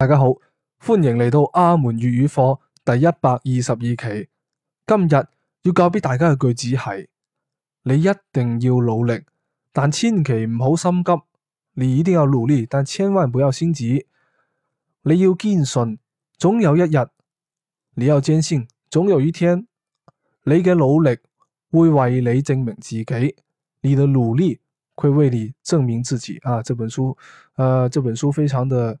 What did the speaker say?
大家好，歡迎嚟到阿門粵語課第一百二十二期。今日要教俾大家嘅句子係：你一定要努力，但千祈唔好心急；你一定要努力，但千萬不要心急。你要堅信，總有一日；你要堅信，總有一天，你嘅努力會為你證明自己。你嘅努力會為你證明自己啊！這本書，啊、呃，這本書非常的。